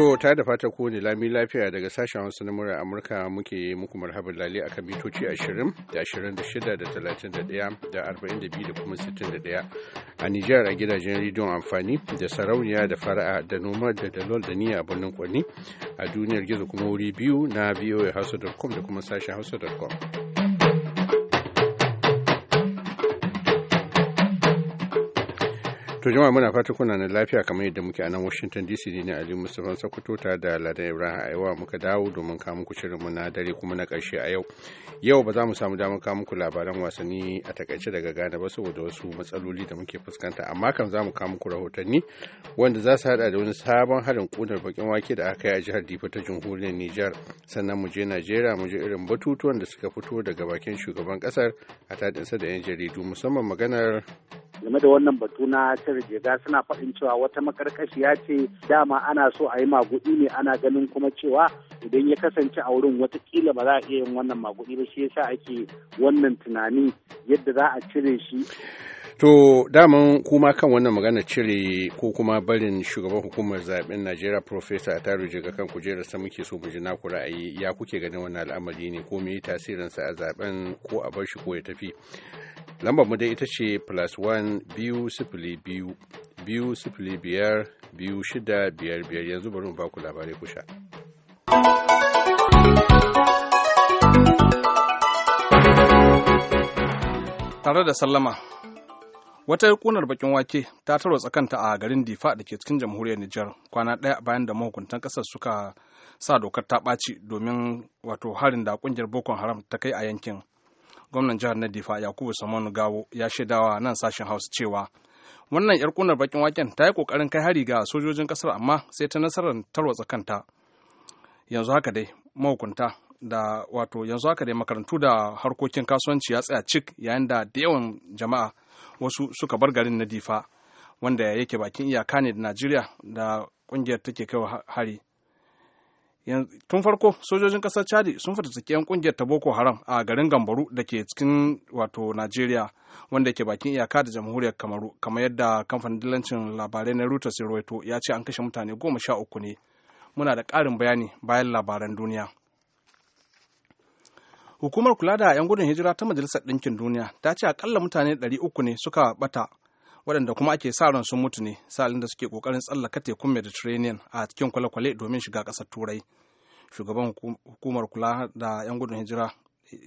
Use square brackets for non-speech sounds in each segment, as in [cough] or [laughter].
To ta da fata ko ne lami lafiya daga sashen Hausa na murar Amurka muke muku marhaban lali akan mitoci 20 da 26 da 31 da 42 da kuma 61 a Nijar a gidajen rediyon amfani da sarauniya da fara'a da noma da dalol da niyya a birnin Kwanni a duniyar gizo kuma wuri biyu na hausa.com da kuma sashen hausa.com. To jama'a muna fata kuna na lafiya kamar yadda muke a nan Washington DC ne na Ali Mustafa Sokoto ta da Ladan Ibrahim Aiwa muka dawo domin ka muku shirin na dare kuma na ƙarshe a yau. Yau ba za mu samu damar kawo muku labaran wasanni a takaice daga Ghana ba saboda wasu matsaloli da muke fuskanta amma kan za mu kawo muku rahotanni wanda za su hada da wani sabon harin kunar bakin wake da aka yi a jihar Difa ta Jamhuriyar Nijar sannan mu je Najeriya mu je irin batutuwan da suka fito daga bakin shugaban kasar a tadinsa da 'yan jaridu musamman maganar game da wannan batu na cire jega suna faɗin cewa wata makarkashiya ce dama ana so a yi maguɗi ne ana ganin kuma cewa idan ya kasance a wurin watakila ba za a iya yin wannan maguɗi ba shi yasa ake wannan tunani yadda za a cire shi To daman kuma kan wannan magana cire ko kuma barin shugaban hukumar zaben Najeriya a Ataru Jiga kan kujerar sa muke so mu ji naku ra'ayi ya kuke ganin wannan al'amari ne ko me tasirin sa a zaben ko a bar shi ko ya tafi. Lambar mu dai ita ce plus one biyu sifili biyu biyu sifili biyar biyu shida biyar biyar yanzu bari mu baku labarai kusha. Tare da sallama wata kunar bakin wake ta tarwatsa kanta a garin difa da ke cikin jamhuriyar nijar kwana ɗaya bayan da mahukuntan kasar suka sa dokar ta ɓaci domin wato harin da ƙungiyar boko haram ta kai a yankin gwamnan jihar na difa yakubu samanu gawo ya shaidawa nan sashen hausa cewa wannan yar kunar bakin waken ta yi kokarin kai hari ga sojojin kasar amma sai ta nasarar taro kanta yanzu haka dai mahukunta da wato yanzu haka dai makarantu da harkokin kasuwanci ya tsaya cik yayin da da yawan jama'a wasu suka bar garin na difa wanda yake bakin iyaka ne da najeriya da kungiyar take kai hari tun farko sojojin kasar chadi sun fatattaki 'yan kungiyar ta boko haram a garin gambaru da ke cikin wato najeriya wanda ke bakin iyaka da jamhuriyar kamaru kamar yadda kamfanin dillancin labarai na reuters ya ya ce an kashe mutane goma sha uku ne muna da ƙarin bayani bayan labaran duniya Hukumar kula da 'yan gudun hijira ta Majalisar Ɗinkin Duniya ta ce akalla mutane 300 ne suka bata waɗanda kuma ake sa ran sun mutu ne salin da suke ƙoƙarin tsallaka tekun Mediterranean a cikin kwale-kwale domin shiga ƙasar Turai. Shugaban hukumar kula da 'yan gudun hijira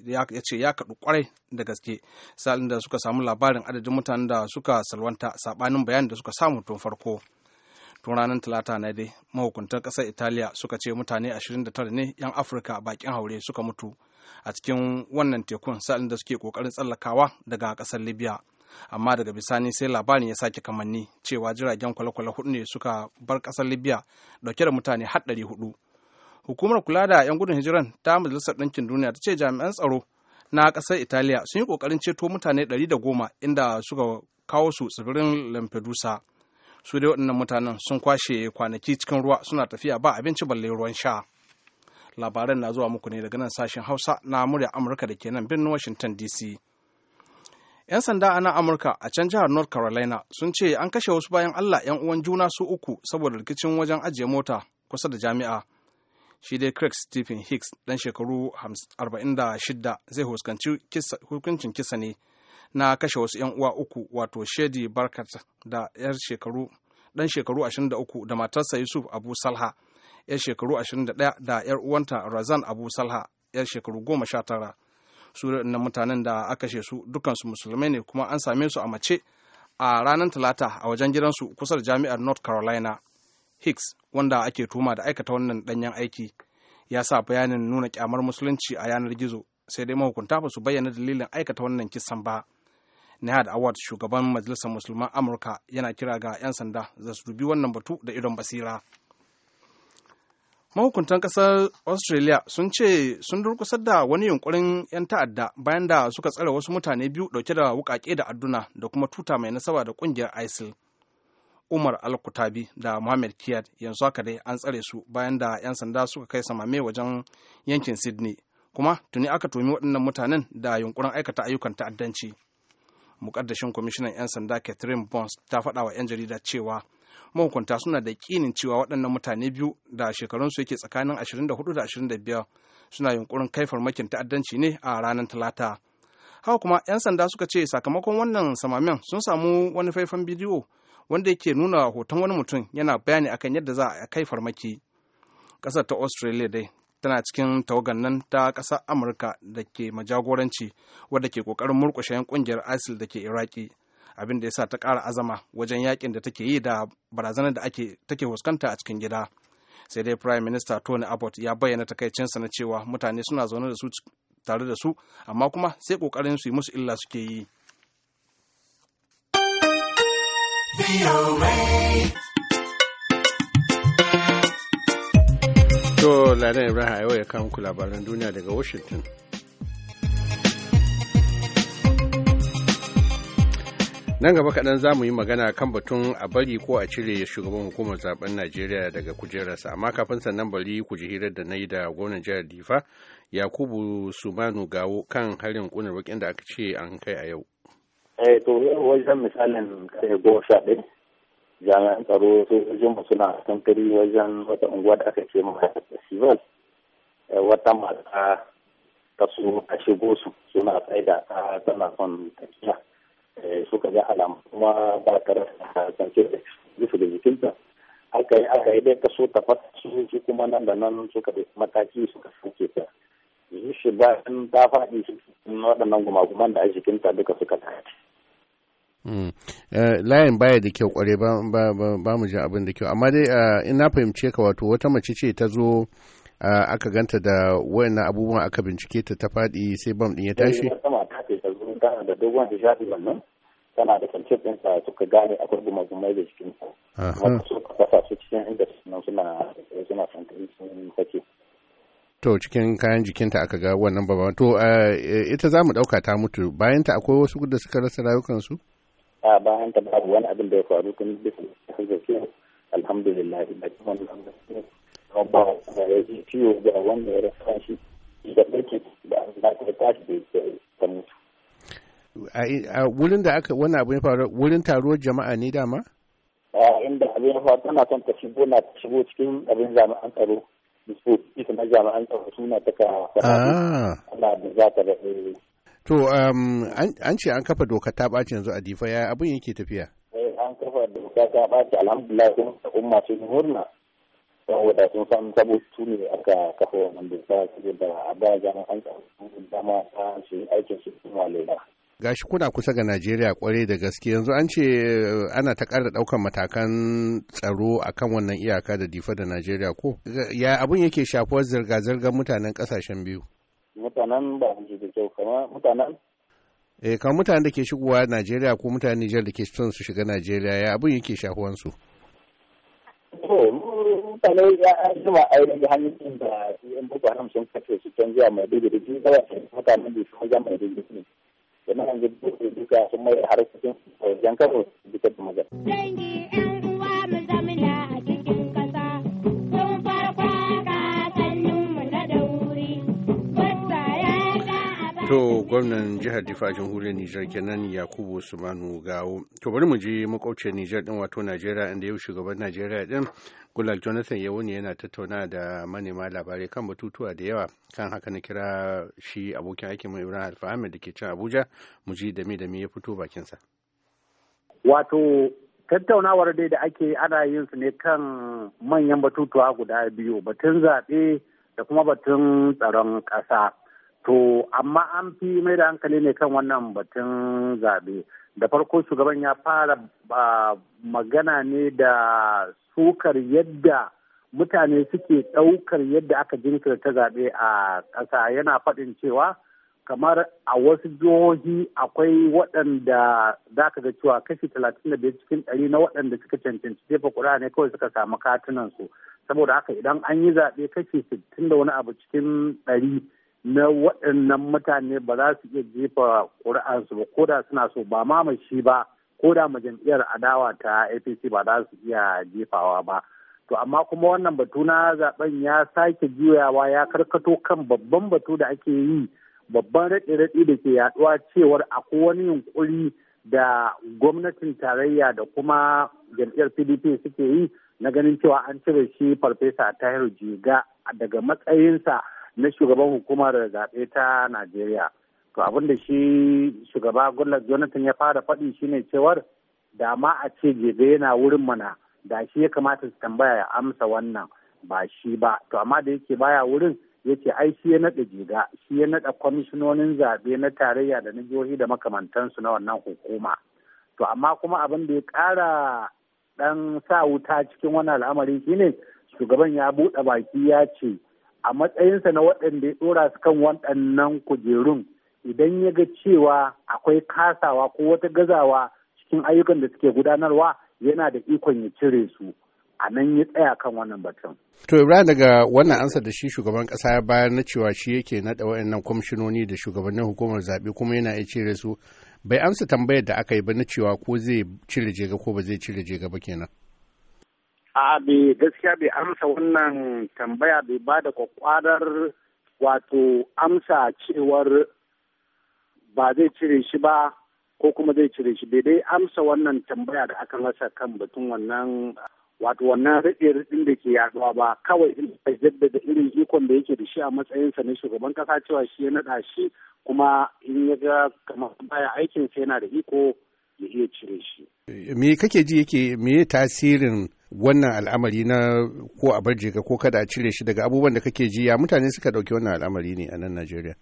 ya ce ya kaɗu kwarai da gaske salin da suka samu labarin adadin mutanen da suka salwanta saɓanin bayanin da suka samu tun farko. tun ranar talata na dai mahukuntan ƙasar italiya suka ce mutane 29 ne 'yan afirka bakin haure suka mutu a cikin wannan tekun sa'in da suke kokarin tsallakawa daga kasar libya amma daga bisani sai labarin ya sake kamanni cewa jiragen kwale-kwale hudu ne suka bar kasar libya dauke da mutane har ɗari hudu hukumar kula da 'yan gudun hijiran ta majalisar ɗinkin duniya ta ce jami'an tsaro na ƙasar italiya sun yi ƙoƙarin ceto mutane ɗari da goma inda suka kawo su tsibirin lampedusa su dai waɗannan mutanen sun kwashe kwanaki cikin ruwa suna tafiya ba abinci balle ruwan sha labaran na zuwa muku ne daga nan sashen hausa na murya amurka da ke nan birnin washington dc 'yan sanda a nan amurka a can jihar north carolina sun ce an kashe wasu bayan allah 'yan uwan juna su uku saboda rikicin wajen ajiye mota kusa da jami'a shi dai craig stephen hicks dan shekaru 46 zai huskanci hukuncin kisa ne na kashe wasu 'yan uwa uku wato shedi barkat da 'yar shekaru dan shekaru 23 da matarsa yusuf abu salha 'yar shekaru 21 da 'yar uwanta razan abu salha 'yar shekaru 19 su na mutanen da aka kashe su dukansu musulmai ne kuma an same su a mace a ranar talata a wajen gidansu kusa da jami'ar north carolina hicks wanda ake tuma da aikata wannan danyen aiki ya sa bayanin nuna kyamar musulunci a yanar gizo sai dai mahukunta ba su bayyana dalilin aikata wannan kisan ba nihad award shugaban majalisar musulman amurka yana kira ga 'yan sanda za su dubi wannan batu da idon basira. mahukuntan kasar australia sun ce sun durkusar da wani yunkurin 'yan ta'adda bayan da suka tsare wasu mutane biyu dauke da wukake da adduna da kuma tuta mai nasaba da kungiyar isil umar al-kutabi da mohamed kiyad yanzu haka dai an tsare su bayan da 'yan sanda suka kai samame wajen yankin sydney kuma tuni aka tumi waɗannan mutanen da yunkurin aikata ayyukan ta'addanci mukaddashin kwamishinan 'yan sanda catherine bones ta faɗa wa 'yan jarida cewa mahukunta suna da ƙinin cewa waɗannan mutane biyu da shekarunsu yake tsakanin 24 da 25 suna yunkurin kai farmakin ta'addanci ne a ranar talata haka kuma 'yan sanda suka ce sakamakon wannan samamen sun samu wani faifan bidiyo wanda yake nuna hoton wani mutum yana bayani akan yadda za a kai farmaki ƙasar ta australia dai tana cikin tawagan nan ta ƙasar amurka da ke majagoranci wadda ke ƙoƙarin murƙushe 'yan ƙungiyar isil da ke iraki abin da ya sa ta ƙara azama wajen yakin da take yi da barazanar da ake take fuskanta a cikin gida sai dai prime minister tony abbott ya bayyana takaicinsa na cewa mutane suna zaune da su tare da su amma kuma sai ƙoƙarin su yi musu illa suke yi To, Lana Ibrahim a yau ya kawo ku labaran duniya daga Washington. nan gaba kaɗan za mu yi magana kan batun a bari ko a cire shugaban hukumar zaben najeriya daga kujerarsa amma kafin sannan bari ku ji hirar da na yi da gwamnan jihar difa yakubu sumanu gawo kan harin kunar bakin da aka ce an kai a yau eh, to wajen misalin kare goma sha ɗaya jami'an tsaro sojojinmu suna tantari wajen wata unguwa da aka ce mata festival eh, wata mata ta su a shigo su suna tsaida ta tana son tafiya Eh, suka ga alamu kuma ba ta rasa sanke da bisa da jikinta aka yi aka yi dai ta so ta fata kuma nan da nan suka da mataki suka sauke ta yi shi in ta faɗi waɗannan gumaguman da a jikinta duka suka tashi. Hmm. Eh, layin baya da kyau kware ba mu ji abin da kyau amma dai eh, in na fahimce ka wato wata mace ce ta zo aka ganta da wayannan abubuwan aka bincike ta ta faɗi sai bam ɗin ya tashi? da dogon shafi wannan tana da kwance ɗinsa suka gane a kurbu mazumai da jikinsa su suka kasa su cikin inda suna suna suna fankari sun sake to cikin kayan jikinta aka ga wannan babban to ita za mu ɗauka ta mutu bayanta akwai wasu da suka rasa rayukansu a bayan ta babu wani abin da ya faru tun bisa da alhamdulillah da kuma alhamdulillah ba ciwo ga wanda ya rasa shi a wurin da aka wani abu ya faru wurin taruwar jama'a ne dama? a inda abin ya faru tana son ta shigo na ta shigo cikin abin jami'an tsaro ita na jami'an tsaro suna ta ka ah. ana da za ta da eh. to um, an ce an kafa doka ta ɓaci yanzu a difa ya abin yake tafiya eh, an kafa doka ta ɓaci alhamdulillah kuma masu sun murna saboda sun san saboda su ne aka kafa wannan doka saboda a ba jami'an tsaro dama ta shi aikin su kuma lera gashi kuna kusa ga najeriya kwarai da gaske yanzu an ce eh, ana ta ƙara ɗaukan matakan tsaro akan wannan iyaka da difa da najeriya ko ya abun yake shafuwar zirga-zirgar mutanen ƙasashen biyu mutanen ba su da kyau kama mutanen eh kan mutanen da ke shigowa najeriya ko mutanen nijar da ke son su shiga najeriya ya abun yake shafuwar su mutane ya zama ainihin hanyoyin da yan boko haram sun kace su canza mai dubu da mutanen da su mai dubu jama'a yanzu duka sun mai harkokin wajen karo duka da magana. To gwamnan jihar Difa a jamhuriyar Nijar kenan Yakubu Sumanu Gawo. To bari mu je makwabcin Nijar din wato Najeriya inda yau shugaban Najeriya din Gulal Jonathan yau ne yana tattauna da manema labarai kan batutuwa da yawa kan haka na kira shi abokin aikin mu Ibrahim ahmed da ke can Abuja mu ji da me ya fito bakin sa. Wato tattaunawar dai da ake ana yin su ne kan manyan batutuwa guda biyu batun zaɓe da kuma batun tsaron ƙasa. To, amma an fi mai da hankali ne kan wannan batun zaɓe. Da farko shugaban ya fara magana ne da sukar yadda mutane suke ɗaukar yadda aka ta zaɓe a ƙasa yana faɗin cewa kamar a wasu jihohi akwai waɗanda za ka ga cewa kashi talatin da biyar cikin ɗari na waɗanda suka cancanci jefa ƙuri'a ne kawai suka samu katunan su saboda haka idan an yi zaɓe kashi sittin da wani abu cikin ɗari na waɗannan mutane ba za su iya jefa ƙuri'ansu ba koda suna so ba ma shi ba koda ma jam'iyyar adawa ta apc ba za su iya jefawa ba to amma kuma wannan batu na zaben ya sake juyawa ya karkato kan babban batu da ake yi babban raɗe-raɗe da ke yaɗuwa cewar akwai wani yunkuri da gwamnatin tarayya da kuma jam'iyyar pdp suke yi na ganin cewa an cire shi farfesa tahir jiga daga matsayinsa na shugaban hukumar zaɓe ta najeriya to abin da shi shugaba goodluck jonathan ya fara faɗi shine cewar da ma a ce jebe yana wurin mana da shi ya kamata su tambaya ya amsa wannan ba shi ba to amma da yake baya wurin yake ai shi ya naɗa jiga shi ya naɗa kwamishinonin zaɓe na tarayya da na jihohi da makamantansu na wannan hukuma to amma kuma abin da ya ƙara ɗan sa wuta cikin wani al'amari shine shugaban ya buɗe baki ya ce a matsayinsa na waɗanda ya ɗora su kan waɗannan kujerun idan ya ga cewa akwai kasawa ko wata gazawa cikin ayyukan da suke gudanarwa yana da ikon ya cire su a nan ya tsaya kan wannan batun. To Ibrahim daga wannan ansa da shi shugaban kasa ya bayar na cewa shi yake naɗa waɗannan kwamishinoni da shugabannin hukumar zaɓe kuma yana iya cire su bai amsa tambayar da aka yi ba na cewa ko zai cire jega ko ba zai cire jega ba kenan. a bai gaskiya bai amsa wannan tambaya bai ba da kwakwadar wato amsa cewar ba zai cire shi ba ko kuma zai cire shi bai amsa wannan tambaya da aka rasa kan batun wannan wato wannan da ke yaduwa ba kawai in ina da irin ikon da yake da shi a matsayinsa na shugaban kasa cewa shi ya naɗa shi kuma in ya ga kamar baya aikinsa yana da iko ya iya cire shi. Me kake ji yake me tasirin wannan al'amari na ko a bar jika ko kada a cire shi daga abubuwan da kake ji ya mutane suka ɗauki wannan al'amari ne a nan Najeriya?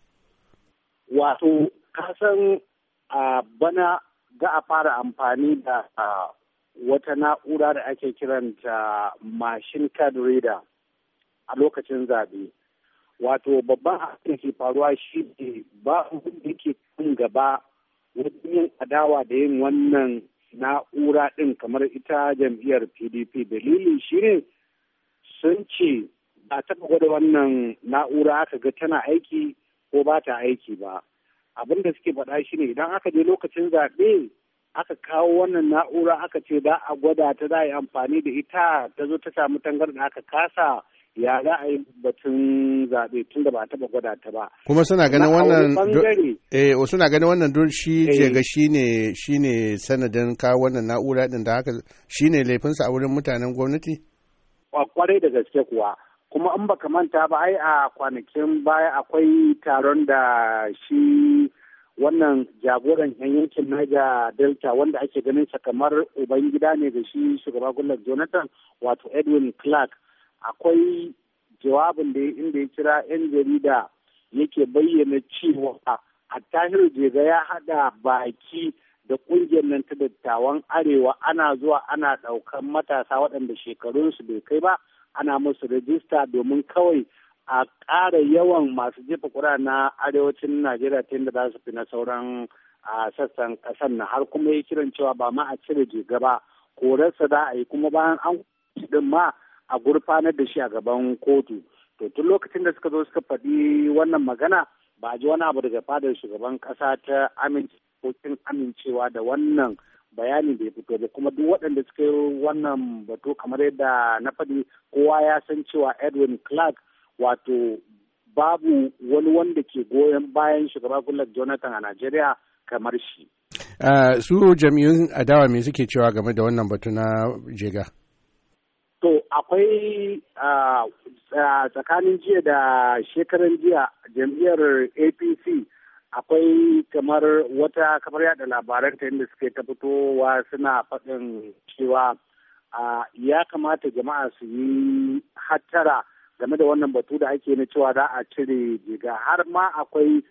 Wato, kasan a bana ga a fara amfani da wata na'ura da ake kiranta mashin card reader a lokacin zabe Wato, babban abin ke faruwa shi ba da ke kan gaba wajen yin adawa da yin wannan na'ura ɗin kamar ita jam'iyyar pdp dalili shine sun ce ba taɓa gwada wannan na'ura aka ga tana aiki ko ba ta aiki ba abin da suke faɗa shi ne idan aka je lokacin zaɓe aka kawo wannan na'ura aka ce za a gwada ta za a yi amfani da ita ta zo ta samu da aka kasa ya za a yi batun zaɓe tun da ba a taɓa gwada ta ba. Kuma suna ganin wannan eh suna ganin wannan don shi ce eh. ga shi ne shi ne sanadin kawo wannan na'ura ɗin da haka shi ne laifinsa a wurin mutanen gwamnati? Kwarai da gaske kuwa. Kuma in baka manta ba ai a kwanakin baya akwai taron da shi wannan jagoran yan yankin Niger Delta wanda ake ganin sa kamar Ubangida ne da shi shugaba Gullar Jonathan wato Edwin Clark akwai jawabin da inda ya kira 'yan jarida yake bayyana cewa a tahir jega ya hada baki da kungiyar nan ta dattawan arewa ana zuwa ana daukan matasa waɗanda shekarunsu bai kai ba ana musu rajista domin kawai a ƙara yawan masu jefa kura na arewacin najeriya ta yadda za su fi na sauran a sassan ƙasar na har kuma ya kiran cewa ba ma a cire jega ba korarsa za a yi kuma bayan an din ma a gurfanar da shi a gaban kotu to tun lokacin da suka zo suka faɗi wannan magana ba a ji wani abu daga fadar shugaban ƙasa ta amincin amincewa da wannan bayani bai fito ba kuma duk waɗanda suka yi wannan batu kamar yadda na faɗi kowa ya san cewa edwin clark wato babu wani wanda ke goyon bayan shugaba Goodluck Jonathan a Najeriya kamar shi. Ah, su jami'un adawa me suke cewa game da wannan batu na jega? To akwai tsakanin jiya da shekaran jiya jam'iyyar APC akwai kamar wata kamar yada labaran ta inda suke ta fitowa suna faɗin cewa ya kamata jama'a su yi hattara game da wannan batu da ake na cewa za a cire jiga har ma akwai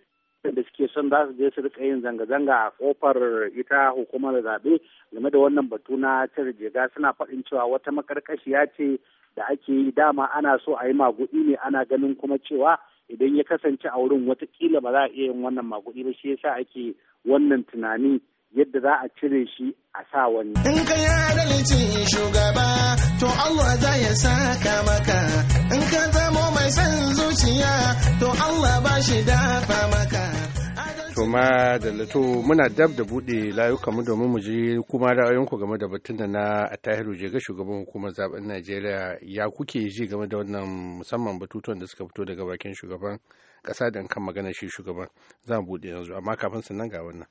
da suke son za su je su rika yin zanga-zanga a kofar ita hukumar zaɓe game da wannan batu na cire jega suna faɗin cewa wata makarkashiya ce da ake yi dama ana so a yi maguɗi ne ana ganin kuma cewa idan ya kasance a wurin watakila ba za a iya yin wannan magudi ba shi yasa ake wannan tunani yadda za a cire shi a sa wani. In ka yi adalcin shugaba to Allah za ya saka maka in ka zamo mai son zuciya to Allah ba shi dafa maka. Toma da Lato muna dab da buɗe layuka mu domin mu ji kuma ra'ayoyinku game da batun da na Tahiru ga shugaban hukumar zaben Najeriya ya kuke ji game da wannan musamman batutuwan da suka fito daga bakin shugaban ƙasa da kan magana shi shugaban za mu buɗe yanzu amma kafin sannan ga wannan.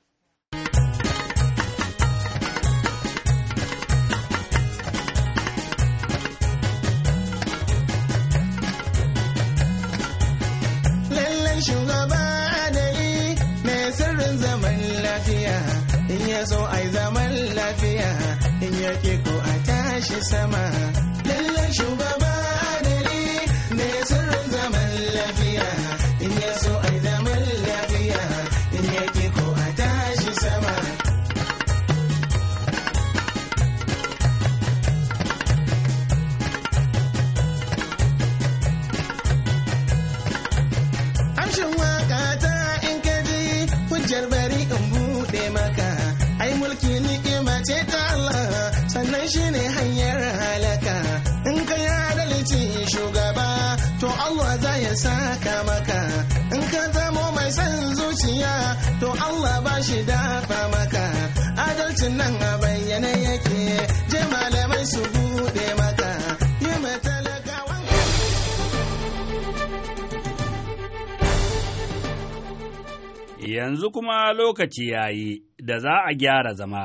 shi sama. Lallan shugaba. hanyar halaka in ka yi adalci shugaba to Allah za ya saka maka in ka zamo mai son zuciya to Allah ba shi dafa maka adalcin nan a bayyane yake je malamai su bude maka yi matalakawan yanzu kuma lokaci yayi da za a gyara zama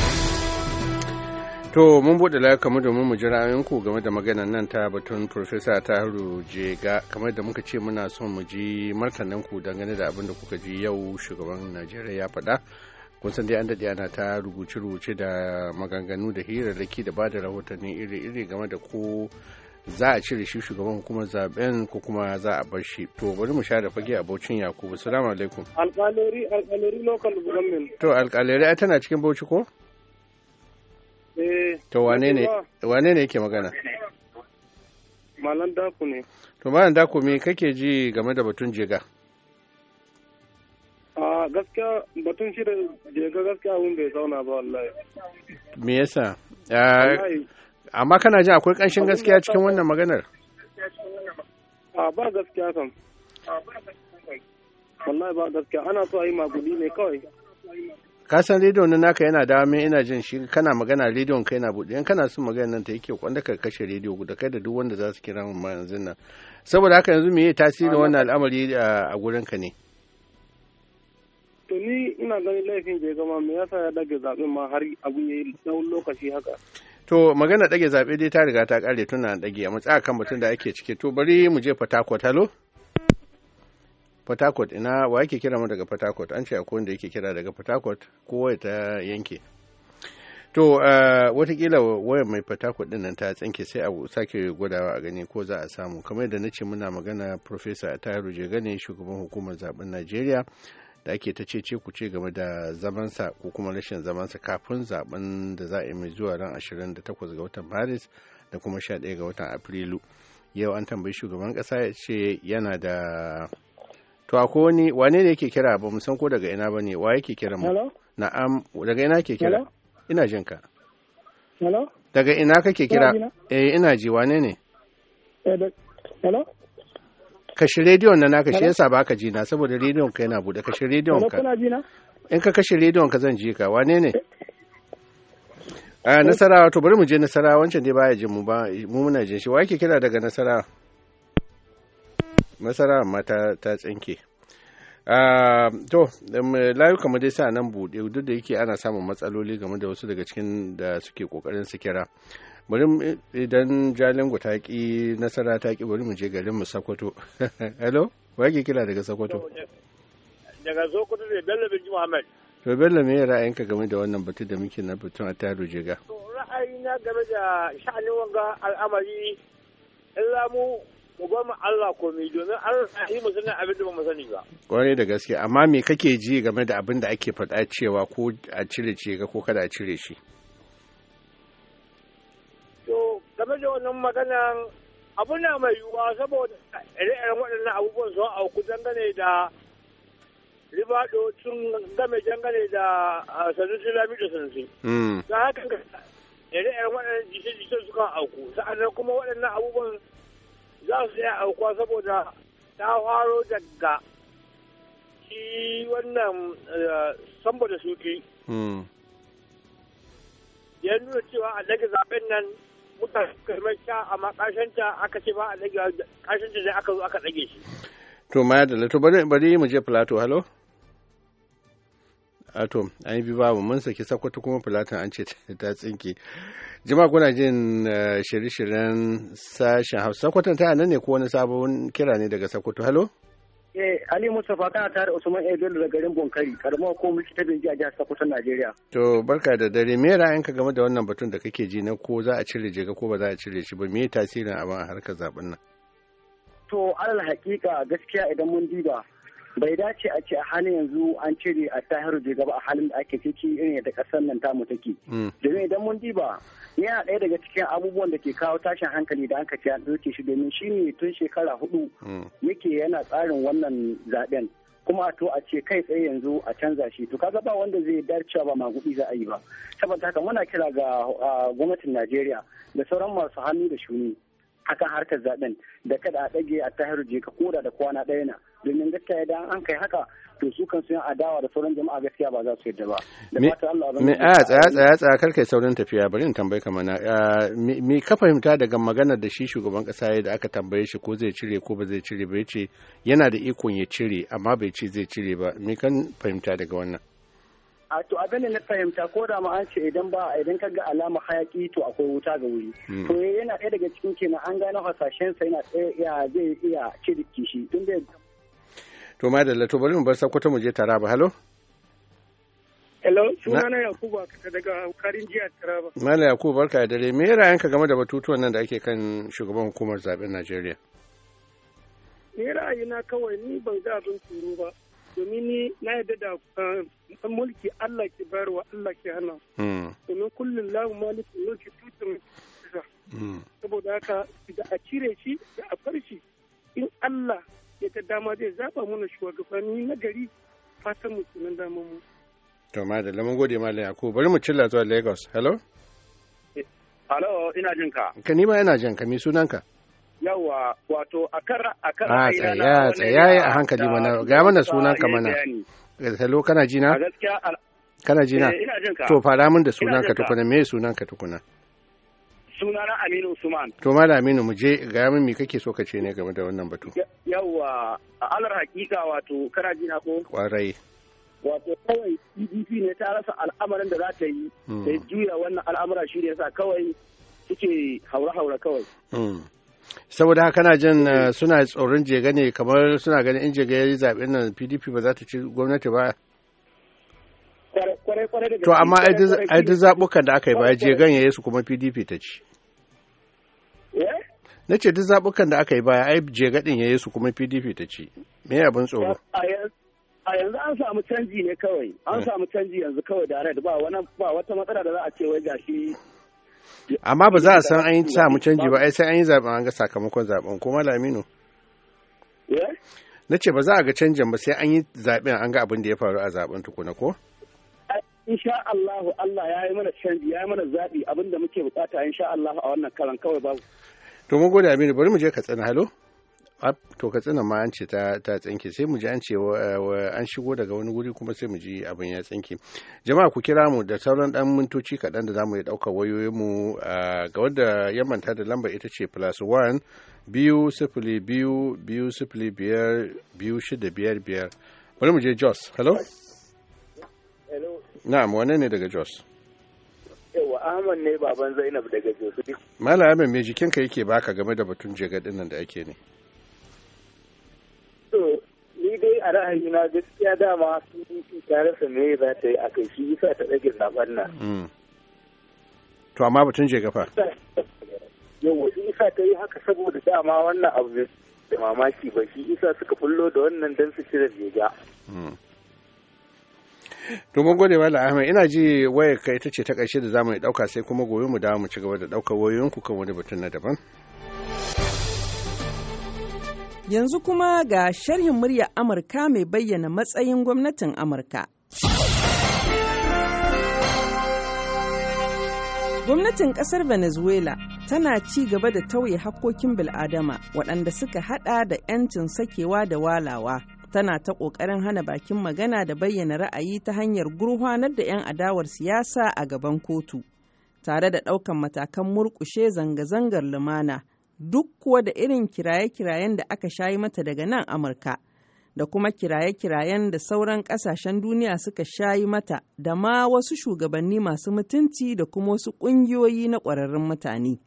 To mun bude lakamu domin mu jira ku game da maganar nan ta batun Profesa Tahiru Jega kamar da muka ce muna son mu ji martanin ku dangane da abin da kuka ji yau shugaban Najeriya ya faɗa. Kun san dai an daɗe ana ta rubuce-rubuce da maganganu da hirarraki da ba da rahotanni iri-iri game da ko za a cire shi shugaban hukumar zaben ko kuma za a bar shi to bari mu share fage a Bauchin Yakubu salamu alaikum alƙaleri alƙaleri local government to alƙaleri ai tana cikin Bauchi ko Eh, to wane ne yake magana? Malam Daku ne. To Malam Daku me kake ji game da batun jega? A gaskiya batun shi da jega gaskiya wun bai zauna ba wallahi. Me yasa? Amma kana ji akwai ƙanshin gaskiya cikin wannan maganar? A ba gaskiya kan. Wallahi ba gaskiya ana so a yi maguli ne kawai. ka san rediyon na naka yana da min ina jin shi kana magana rediyon kai na buɗe in kana son magana nan ta yake kwanda ka kashe rediyo da kai da duk wanda za su kira mu yanzu nan saboda haka yanzu me tasirin wannan al'amari a gurin ka ne to ni ina ganin laifin da ya gama me yasa ya dage zaɓen ma har abu ya yi tsawon lokaci haka to magana dage zaɓe dai ta riga ta ƙare tana dage a matsa kan batun da ake ciki to bari mu je fatakwat halo Fatakot ina wa yake kira mu daga Fatakot an ce akwai wanda yake kira daga ko waya ta yanke. To uh, watakila wayar mai Fatakot din nan ta tsanke sai a sake gwadawa a gani ko za a samu. Kamar yadda na ce muna magana Professor Tahiru Jegane shugaban hukumar zaben Najeriya da ake ta ce ku ce game da zamansa ko kuma rashin zamansa kafin zaben da za a yi mai zuwa ran 28 ga watan Maris da kuma 11 ga watan Afrilu. Yau an tambayi shugaban ƙasa ya ce yana da to akwai wani wane ne yake kira ba mu san ko daga ina bane wa yake kira mu na'am daga ina ke kira ina jin ka daga ina kake kira eh ina ji wane ne eh, kashi kashe rediyon na naka shi yasa baka ji na saboda rediyon ka yana bude kashe rediyon ka in ka kashe rediyon ka zan ji ka wane ne eh, a ah, nasarawa to bari mu je nasarawa wancan dai baya jin mu ba mu muna jin shi wa yake kira daga nasarawa masara amma ta tsinke ah, to um, layuka mu dai sa nan buɗe duk da yake ana samun matsaloli game da wasu daga cikin da suke kokarin su kira bari idan jalingo ta ki nasara ta ki bari mu je garin mu sokoto [laughs] hello wa yake kira daga sokoto daga sokoto ne bello bin muhammad to bello me ra'ayinka game da wannan batu da muke na batun a taro jiga ra'ayina game da sha'anin wanga al'amari in mu ku ba mu Allah komai domin Allah yi mu abin da ba mu sani ba. Kwarai da gaske amma me kake ji game da abin da ake faɗa cewa ko a cire ce ga ko kada a cire shi. To game da wannan maganan abu na mai yiwuwa saboda ire-iren waɗannan abubuwan sun auku dangane da ribado sun game dangane da sanusi da sanusi. Ta hmm. haka ire-iren waɗannan jishe-jishe suka auku sa'annan kuma waɗannan abubuwan za su iya aukuwa saboda ta faro daga shi wannan eh, sambo da suki. Hmm. ya nuna cewa a daga zaben nan mutane kalmar sha amma makashanta aka ce ba a daga kashanta ne aka zo aka dage shi to ma da lato bari mu je plato halo Ato an yi babu mun saki sakwato kuma filatin an ce [laughs] ta tsinke jima kuna jin eh, shirye-shiryen sashen hausa sakwaton ta nan ne ko wani sabon kira ne daga sakwato halo eh ali mustapha kana tare da usman ebelu da garin bonkari karma ko miki ta binji a jihar sakwato najeriya to barka da dare me ra'ayinka game da wannan batun da kake ji na ko za a cire jega ko ba za a cire shi ba me tasirin abin a harkar zaben nan to alal hakika gaskiya idan mun diba bai dace a ce a halin yanzu an cire a tahiru da gaba a halin da ake ciki irin yadda kasar nan tamu take mm. domin idan mun diba yana ɗaya daga cikin abubuwan da ke kawo tashin hankali da aka ce ɗauke shi domin shi ne tun shekara hudu mm. yake yana tsarin wannan zaɓen kuma a to a ce kai tsaye yanzu a canza shi to kaga ba wanda zai darcewa ba magudi za a yi ba saboda haka muna kira ga ah, gwamnatin najeriya da sauran masu hannu da shuni akan harkar zaben da kada a ɗage a tahiru je ka koda da kwana ɗaya na domin gaskiya idan an kai haka to su kan sun adawa da sauran jama'a gaskiya ba za su yadda ba me a tsaya tsaya tsaya kar kai saurin tafiya bari in tambaye ka mana me ka fahimta daga maganar da shi shugaban kasa ya da aka tambaye shi ko zai cire ko ba zai cire ba ce yana da ikon ya cire amma bai ce zai cire ba me kan fahimta daga wannan a to abin da na fahimta ko da ma an ce idan ba idan ka ga alama hayaki to akwai wuta ga wuri hmm. to eh, yana ɗaya daga cikin kenan an gano hasashen sa yana iya zai iya ciriki shi tun da to madalla to bari mu bar sakwata mu je taraba halo Hello, sunana Yakubu Akata daga Karin Jiya Taraba. Mala Yakubu barka da dare. Me ra'ayinka game da batutuwan nan da ake kan shugaban hukumar zaben Najeriya? Ni ra'ayina kawai ni ban ga abin tsoro ba. domin ni na yadda da eh, mulki Allah ke wa Allah ke hana hmm. domin kullum lahu maliki mulki tutun hmm. saboda haka da a cire shi da a bar shi in Allah ya ta dama zai zaba mana shugabanni na gari fatan mu kenan damar mu to da lamun gode malam ko bari mu cilla zuwa Lagos hello hello ina jin ka ka nima ina jin ka sunanka yawa wato a akar a ah, tsaya tsaya a hankali mana ga mana sunan ka mana eh, hello kana jina kana jina eh, to fara min da sunan ka tukuna me sunan ka tukuna sunana Aminu Usman. To Malam Aminu mu je ga min me kake so ka ce ne game da wannan batu? Yawwa, a alar hakika wato kana jina ko? Kwarai. Wato kawai PDP e ne ta rasa al'amarin da za ta yi, hmm. ta juya wannan al'amura shi ne yasa kawai suke haura-haura kawai. Hmm. saboda haka na jin eh, suna tsoron jega ne kamar suna ganin in jega ya yi zaɓen nan pdp ba za ta ci gwamnati ba to amma ai duk zaɓukan da aka yi ba jegan ya yi su kuma pdp ta ci eh? na ce duk zaɓukan da aka yi baya ai jegaɗin ya yi su kuma pdp ta ci me abin tsoro a yanzu an samu canji ne kawai an hmm. samu canji yanzu kawai da ba wata matsala da za a ce wai gashi amma ba za a san an yi samu canji ba ai sai an yi zaben an ga sakamakon zaben kuma laminu eh? na ce ba za a ga canjin ba sai an yi zaben an ga abin da ya faru a zaben tukuna ko insha Allah Allah ya yi mana canji ya yi mana zabi abin da muke bukata insha Allah a wannan karan kawai babu to mun gode Aminu bari mu je ka tsana halo to tsina ma an ce ta tsinke sai mu ji an ce an shigo daga wani guri kuma sai mu ji abin ya tsinke jama'a ku kira mu da sauran dan mintoci kaɗan da zamu yi dauka wayoyin mu ga wanda ya manta da lambar ita ce plus one biyu sifili biyu biyu sifili biyar biyu shida biyar biyar bari mu je jos hello na'am wane ne daga jos yawa ahmad ne baban zainab daga jos mala ahmad me jikinka yake baka game da batun jegadin nan da ake ne so ni dai a ra'ayina gaskiya dama PDP ta rasa me za ta yi a kai shi isa ta ɗage zaɓen nan. Mm. To amma batun je gafa. Yawwa shi isa ta yi haka saboda dama wannan abu da mamaki ba shi isa suka fullo da wannan don su cire jeja. Mm. to mun gode mala ahmed ina ji wayar kai ita ce ta ƙarshe da zamu ɗauka sai kuma gobe mu da mu ci gaba da ɗaukar wayoyinku kan wani batun na daban Yanzu kuma ga sharhin murya Amurka mai bayyana matsayin gwamnatin Amurka. Gwamnatin ƙasar Venezuela tana ci gaba da tauye hakkokin bil'adama waɗanda suka haɗa da 'yancin sakewa da walawa. Tana ta ƙoƙarin hana bakin magana da bayyana ra'ayi ta hanyar gurhwanar da 'yan adawar siyasa a gaban kotu, tare da ɗaukan matakan murƙushe zanga-zangar lumana. duk kuwa da irin kiraye-kirayen da aka shayi mata daga nan Amurka. da kuma kiraye-kirayen da sauran ƙasashen duniya suka shayi mata da ma wasu shugabanni masu mutunci da kuma wasu ƙungiyoyi na ƙwararrun mutane.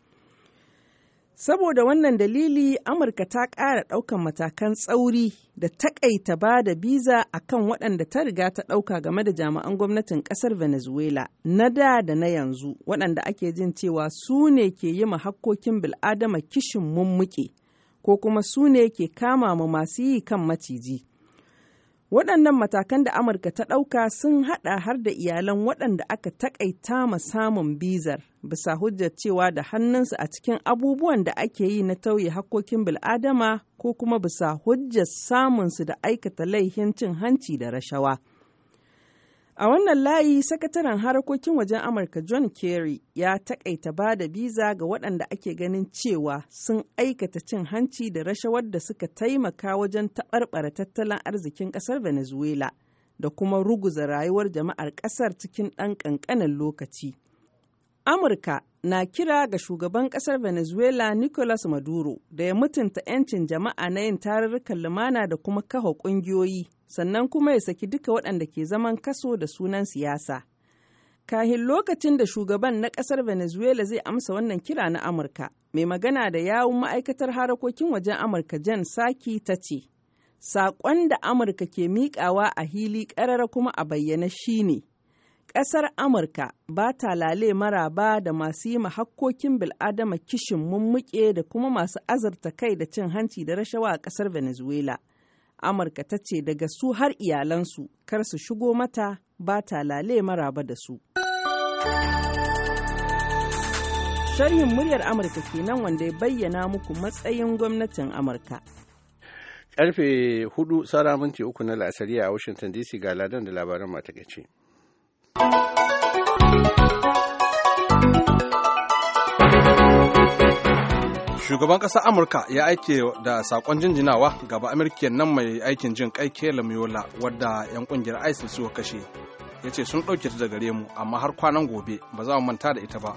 Saboda wannan dalili Amurka ta ƙara ɗaukan matakan tsauri da taƙaita ba da biza a kan waɗanda ta riga ta ɗauka game da jami'an gwamnatin ƙasar Venezuela na da da na yanzu waɗanda ake jin cewa su ne ke yi ma hakkokin bil'adama kishin mummuke ko kuma su ne ke kama ma masu yi kan maciji. Waɗannan matakan da Amurka ta ɗauka sun haɗa har da iyalan waɗanda aka taƙaita ma samun bizar, bisa hujjar cewa da hannunsu a cikin abubuwan da ake yi na tauye hakkokin bil'adama ko kuma bisa hujjar samunsu da aikata laifin cin hanci da rashawa. A wannan layi, sakataren harkokin wajen Amurka John Kerry ya takaita ba da biza ga waɗanda ake ganin cewa sun aikata cin hanci da rashawar da suka taimaka wajen taɓarɓara tattalin arzikin ƙasar Venezuela da kuma ruguza rayuwar jama'ar ƙasar cikin ɗan ƙanƙanin lokaci. Amurka na kira ga shugaban ƙasar Venezuela Nicolas Maduro da ya mutunta 'yancin jama'a na yin tarurrukan lumana da kuma kafa ƙungiyoyi sannan kuma ya saki duka waɗanda ke zaman kaso da sunan siyasa. Kahin lokacin da shugaban na ƙasar Venezuela zai amsa wannan kira na Amurka, mai magana da yawun ma'aikatar harakokin wajen Amurka Jan Saki ta ce, Saƙon da Amurka ke miƙawa a hili ƙarara kuma a bayyana shine ƙasar Amurka ba ta lale maraba da masu yi hakkokin bil'adama kishin mummuke da kuma masu azurta kai da cin hanci da rashawa a ƙasar Venezuela. Amurka ta ce daga su har iyalansu kar su shigo mata ba ta lale maraba da su. Sharhin muryar Amurka kenan wanda ya bayyana muku matsayin gwamnatin Amurka. Karfe hudu sara minti uku na la'asari a Washington DC ga ladan da labaran matakaice. shugaban ƙasar amurka ya aike da saƙon jinjinawa gaba amurkiyar nan mai aikin jin kai kela miola wadda 'yan ƙungiyar isis suka kashe ya ce sun ɗauke ta da gare mu amma har kwanan gobe ba za mu manta da ita ba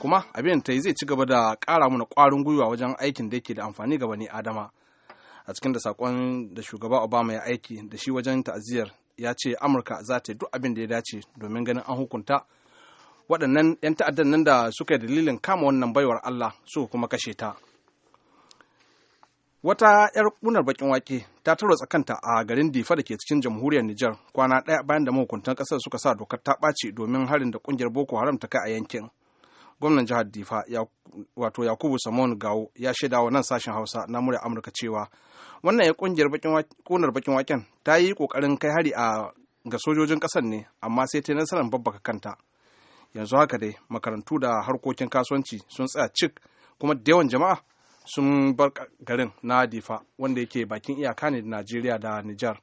kuma abin ta yi zai ci gaba da ƙara mana ƙwarin gwiwa wajen aikin da yake da amfani ga bani adama a cikin da saƙon da shugaba obama ya aiki da shi wajen ta'aziyar ya ce amurka za ta duk abin da ya dace domin ganin an hukunta waɗannan 'yan ta'addan nan da suka yi dalilin kama wannan baiwar allah suka kuma kashe ta wata 'yar kunar bakin wake ta tauratsa kanta a garin difa da ke cikin jamhuriyar nijar kwana ɗaya bayan da mahukuntan ƙasar suka sa dokar ta ɓaci domin harin da ƙungiyar boko haram ta kai a yankin gwamnan jihar difa wato yakubu samon gawo ya shaida wa nan sashen hausa na murya amurka cewa wannan ya ƙungiyar kunar bakin waken ta yi ƙoƙarin kai hari a ga sojojin ƙasar ne amma sai ta nasarar babbaka kanta yanzu haka dai makarantu da harkokin kasuwanci sun tsaya cik kuma da yawan jama'a sun bar garin na difa wanda yake bakin iyaka ne da najeriya da nijar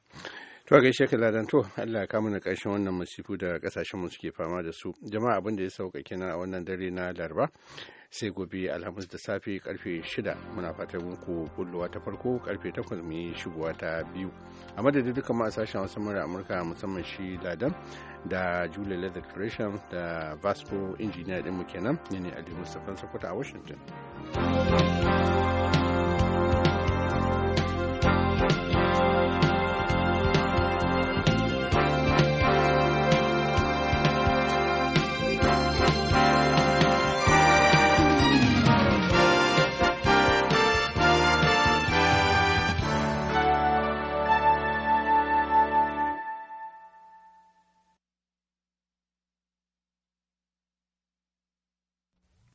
to gaishe ka ladan to allah ya kama na wannan masifu da kasashen mu suke fama da su jama'a abin da ya sauka kenan a wannan dare na laraba sai gobe alhamis da safe karfe 6 muna fatan muku bullowa ta farko karfe 8 mu shigowa ta biyu a madadin duka ma sashen wasu mara amurka musamman shi ladan da julia leather creation da vasco engineer dinmu kenan ne ne ali mustapha sokoto a washington